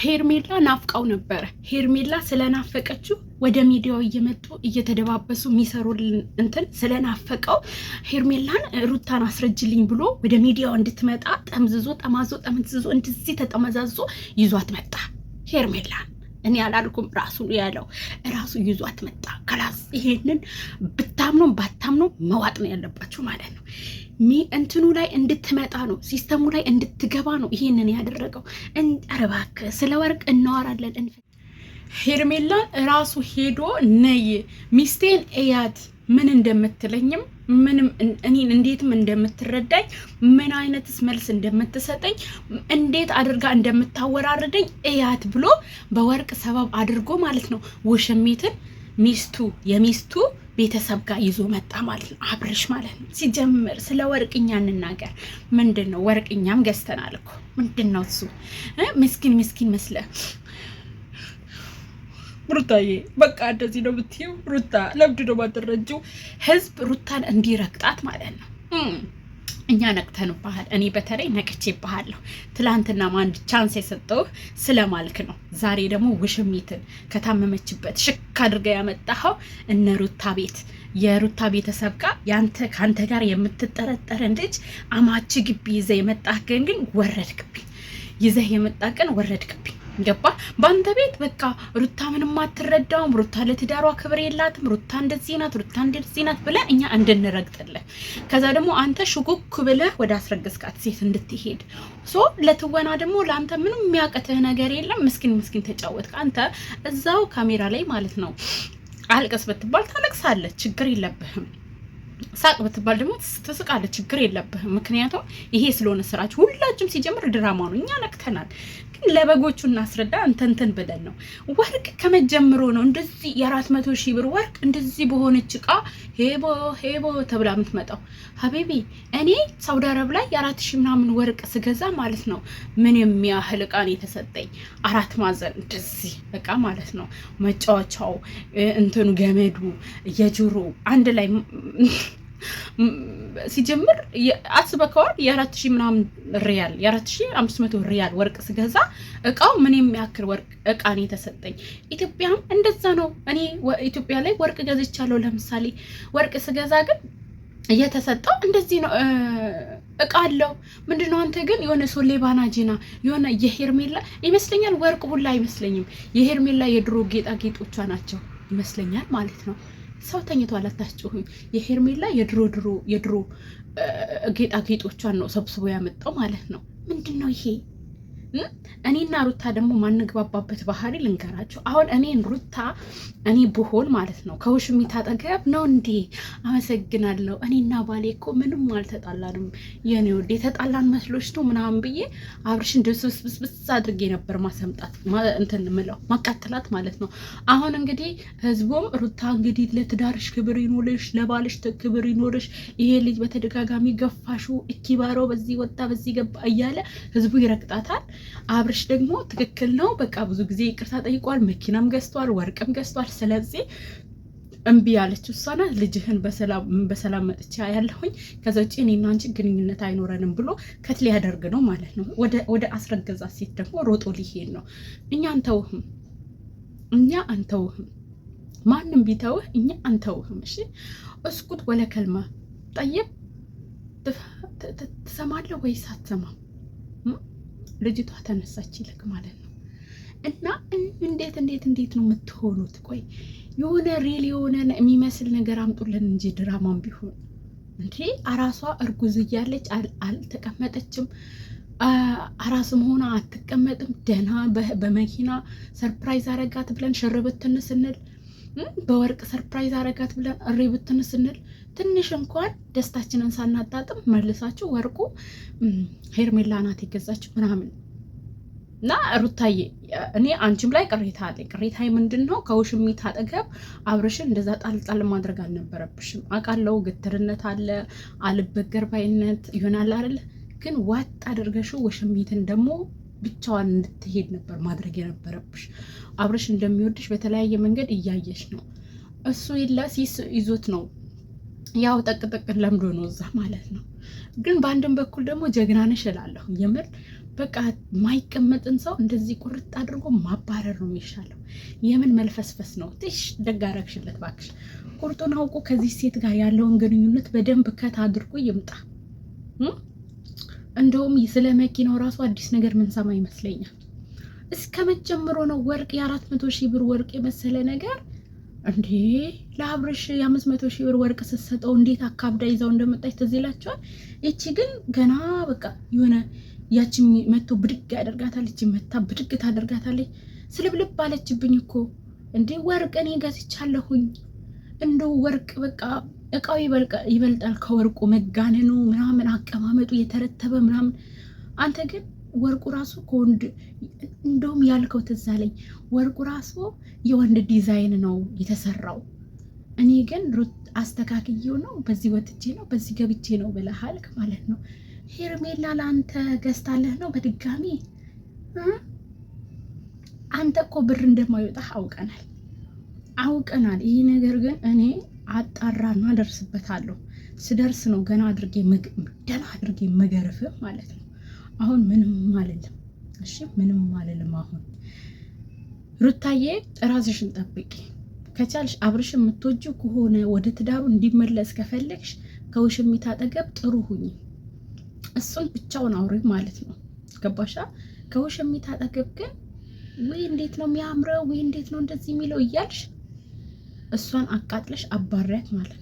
ሄርሜላ ናፍቀው ነበረ። ሄርሜላ ስለናፈቀችው ወደ ሚዲያው እየመጡ እየተደባበሱ የሚሰሩልን እንትን ስለናፈቀው ሄርሜላን ሩታን አስረጅልኝ ብሎ ወደ ሚዲያው እንድትመጣ ጠምዝዞ ጠማዞ ጠምዝዞ እንድዚህ ተጠመዛዞ ይዟት መጣ። ሄርሜላን እኔ አላልኩም፣ ራሱ ያለው ራሱ ይዟት መጣ። ከላስ ይሄንን ብታምኖ ባታምኖ መዋጥ ነው ያለባችሁ ማለት ነው። እንትኑ ላይ እንድትመጣ ነው፣ ሲስተሙ ላይ እንድትገባ ነው ይህንን ያደረገው። ኧረ እባክህ ስለ ወርቅ እናወራለን። ሄርሜላ እራሱ ሄዶ ነይ ሚስቴን እያት ምን እንደምትለኝም ምንም እኔን እንዴትም እንደምትረዳኝ ምን አይነትስ መልስ እንደምትሰጠኝ እንዴት አድርጋ እንደምታወራርደኝ እያት ብሎ በወርቅ ሰበብ አድርጎ ማለት ነው ውሽሚትን ሚስቱ የሚስቱ ቤተሰብ ጋር ይዞ መጣ ማለት ነው፣ አብርሽ ማለት ነው። ሲጀምር ስለ ወርቅኛ እንናገር። ምንድን ነው ወርቅኛም ገዝተናል እኮ ምንድን ነው እሱ ምስኪን ምስኪን መስለ ሩታዬ በቃ እንደዚህ ነው ብትይው ሩታ ለምንድን ነው ማደረጅው ህዝብ ሩታን እንዲረግጣት ማለት ነው። እኛ ነቅተን ነቅተንባሃል። እኔ በተለይ ነቅቼ ይባሃለሁ። ትላንትና አንድ ቻንስ የሰጠውህ ስለማልክ ነው። ዛሬ ደግሞ ውሽሚትን ከታመመችበት ሽክ አድርገ ያመጣኸው እነ ሩታ ቤት የሩታ ቤተሰብ ጋር ያንተ ከአንተ ጋር የምትጠረጠረን ልጅ አማች ግቢ ይዘህ የመጣህ ቀን ግን ወረድክብኝ። ይዘህ የመጣህ ቀን ወረድክብኝ። ገባ በአንተ ቤት በቃ ሩታ ምንም አትረዳውም፣ ሩታ ለትዳሯ ክብር የላትም፣ ሩታ እንደዚህ ናት፣ ሩታ እንደዚህ ናት እኛ እንድንረግጥልህ፣ ከዛ ደግሞ አንተ ሽጉክ ብለህ ወደ አስረገዝካት ሴት እንድትሄድ ሶ ለትወና ደግሞ ለአንተ ምንም የሚያቅትህ ነገር የለም። ምስኪን ምስኪን ተጫወትክ አንተ እዛው ካሜራ ላይ ማለት ነው። አልቀስ ብትባል ታለቅሳለህ፣ ችግር የለብህም። ሳቅ ብትባል ደግሞ ትስቃለ ችግር የለብህም። ምክንያቱም ይሄ ስለሆነ ስራችሁ ሁላችሁም ሲጀምር ድራማ ነው። እኛ ነክተናል፣ ግን ለበጎቹ እናስረዳ እንተንተን ብለን ነው። ወርቅ ከመጀመሩ ነው እንደዚህ የአራት መቶ ሺህ ብር ወርቅ እንደዚህ በሆነች እቃ ሄቦ ሄቦ ተብላ የምትመጣው ሀቢቢ። እኔ ሳውዲ አረብ ላይ የአራት ሺህ ምናምን ወርቅ ስገዛ ማለት ነው ምን የሚያህል እቃ ነው የተሰጠኝ? አራት ማዘን እንደዚህ እቃ ማለት ነው መጫወቻው፣ እንትኑ ገመዱ፣ የጆሮ አንድ ላይ ሲጀምር አስበከዋል የአራት ሺህ ምናምን ሪያል የአራት ሺህ አምስት መቶ ሪያል ወርቅ ስገዛ እቃው ምን የሚያክል ወርቅ እቃ ነው የተሰጠኝ። ኢትዮጵያም እንደዛ ነው። እኔ ኢትዮጵያ ላይ ወርቅ ገዝቻለሁ። ለምሳሌ ወርቅ ስገዛ ግን እየተሰጠው እንደዚህ ነው እቃ አለው ምንድን ነው አንተ ግን የሆነ ሶሌ ባናጂና የሆነ የሄርሜላ ይመስለኛል ወርቅ ሁላ አይመስለኝም። የሄርሜላ የድሮ ጌጣጌጦቿ ናቸው ይመስለኛል ማለት ነው። ሰው ተኝቷል፣ አታስጭሁኝ። የሄርሜላ የድሮ ድሮ የድሮ ጌጣጌጦቿን ነው ሰብስቦ ያመጣው ማለት ነው። ምንድን ነው ይሄ? እኔና ሩታ ደግሞ ማንግባባበት ባህሪ ልንገራቸው። አሁን እኔን ሩታ እኔ ብሆን ማለት ነው ከውሽሚት አጠገብ ነው እንዴ? አመሰግናለሁ። እኔና ባሌ እኮ ምንም አልተጣላንም፣ የኔ ወደ የተጣላን መስሎች ነው ምናምን ብዬ አብርሽን ደስብስብስብስ አድርጌ ነበር ማሰምጣት እንትን ምለው ማቃተላት ማለት ነው። አሁን እንግዲህ ህዝቡም ሩታ እንግዲህ ለትዳርሽ ክብር ይኖርሽ፣ ለባልሽ ክብር ይኖርሽ፣ ይሄ ልጅ በተደጋጋሚ ገፋሹ እኪባረው በዚህ ወጣ በዚህ ገባ እያለ ህዝቡ ይረግጣታል። አብርሽ ደግሞ ትክክል ነው። በቃ ብዙ ጊዜ ይቅርታ ጠይቋል፣ መኪናም ገዝቷል፣ ወርቅም ገዝቷል። ስለዚህ እምቢ ያለች ውሳና ልጅህን በሰላም መጥቻ ያለሁኝ ከዛ ውጭ እኔና አንቺ ግንኙነት አይኖረንም ብሎ ከት ሊያደርግ ነው ማለት ነው። ወደ አስረገዛ ሴት ደግሞ ሮጦ ሊሄድ ነው። እኛ አንተውህም፣ እኛ አንተውህም፣ ማንም ቢተውህ እኛ አንተውህም። እሺ እስኩት ወለ ከልማ ትሰማለህ ወይስ አትሰማም? ልጅቷ ተነሳች ይልክ ማለት ነው። እና እንዴት እንዴት እንዴት ነው የምትሆኑት? ቆይ የሆነ ሪል የሆነ የሚመስል ነገር አምጡልን እንጂ ድራማም ቢሆን እንዴ አራሷ እርጉዝ እያለች አልተቀመጠችም። አራስ መሆኗ አትቀመጥም። ደህና በመኪና ሰርፕራይዝ አረጋት ብለን ሽርብትን ስንል በወርቅ ሰርፕራይዝ አረጋት ብለን እሪ ብትን ስንል ትንሽ እንኳን ደስታችንን ሳናጣጥም መልሳችሁ ወርቁ ሄርሜላ ናት የገዛችው ምናምን እና ሩታዬ እኔ አንቺም ላይ ቅሬታ አለ። ቅሬታ ምንድን ነው? ከውሽሚት አጠገብ አብርሽን እንደዛ ጣልጣል ማድረግ አልነበረብሽም። አውቃለሁ ግትርነት አለ፣ አልበገር ባይነት ይሆናል አይደል? ግን ዋጥ አድርገሽው ውሽሚትን ደግሞ ብቻዋን እንድትሄድ ነበር ማድረግ የነበረብሽ። አብረሽ እንደሚወድሽ በተለያየ መንገድ እያየሽ ነው። እሱ ሲስ ይዞት ነው ያው ጠቅጠቅን ለምዶ ነው እዛ ማለት ነው። ግን በአንድም በኩል ደግሞ ጀግና ነሽ እላለሁ። የምር በቃ ማይቀመጥን ሰው እንደዚህ ቁርጥ አድርጎ ማባረር ነው የሚሻለው። የምን መልፈስፈስ ነው? ትሽ ደግ አደረግሽለት ባክሽ። ቁርጡን አውቆ ከዚህ ሴት ጋር ያለውን ግንኙነት በደንብ ከት አድርጎ ይምጣ። እንደውም ስለ መኪናው ራሱ አዲስ ነገር ምንሰማ ይመስለኛል። እስከ መጀመሮ ነው ወርቅ የአራት መቶ ሺህ ብር ወርቅ የመሰለ ነገር እንዴ ለአብርሽ የአምስት መቶ ሺህ ብር ወርቅ ስትሰጠው እንዴት አካብዳ ይዛው እንደመጣች ትዝ ይላቸዋል። ይቺ ግን ገና በቃ የሆነ ያችን መቶ ብድግ ያደርጋታል። ይቺ መታ ብድግ ታደርጋታለች። ስልብልብ አለችብኝ እኮ እንዴ ወርቅ እኔ ገዝቻለሁኝ እንደው ወርቅ በቃ እቃው ይበልጣል ከወርቁ መጋነኑ ምናምን አቀማመጡ የተረተበ ምናምን። አንተ ግን ወርቁ ራሱ ከወንድ እንደውም ያልከው ትዝ አለኝ። ወርቁ ራሱ የወንድ ዲዛይን ነው የተሰራው። እኔ ግን አስተካክዬው ነው በዚህ ወጥቼ ነው በዚህ ገብቼ ነው ብለሃልክ ማለት ነው። ሄርሜላ ለአንተ ገዝታለህ ነው በድጋሚ። አንተ እኮ ብር እንደማይወጣህ አውቀናል አውቀናል። ይህ ነገር ግን እኔ አጣራና ደርስበታለሁ። ስደርስ ነው ገና አድርጌ ደና አድርጌ መገረፍ ማለት ነው። አሁን ምንም አልልም። እሺ ምንም አልልም። አሁን ሩታዬ ራስሽን ጠብቂ። ከቻልሽ አብርሽ የምትወጁ ከሆነ ወደ ትዳሩ እንዲመለስ ከፈለግሽ ከውሽሚት አጠገብ ጥሩ ሁኝ። እሱን ብቻውን አውሪ ማለት ነው። ገባሻ? ከውሽሚት አጠገብ ግን ወይ እንዴት ነው የሚያምረው፣ ወይ እንዴት ነው እንደዚህ የሚለው እያልሽ እሷን አቃጥለሽ አባሪያት ማለት ነው።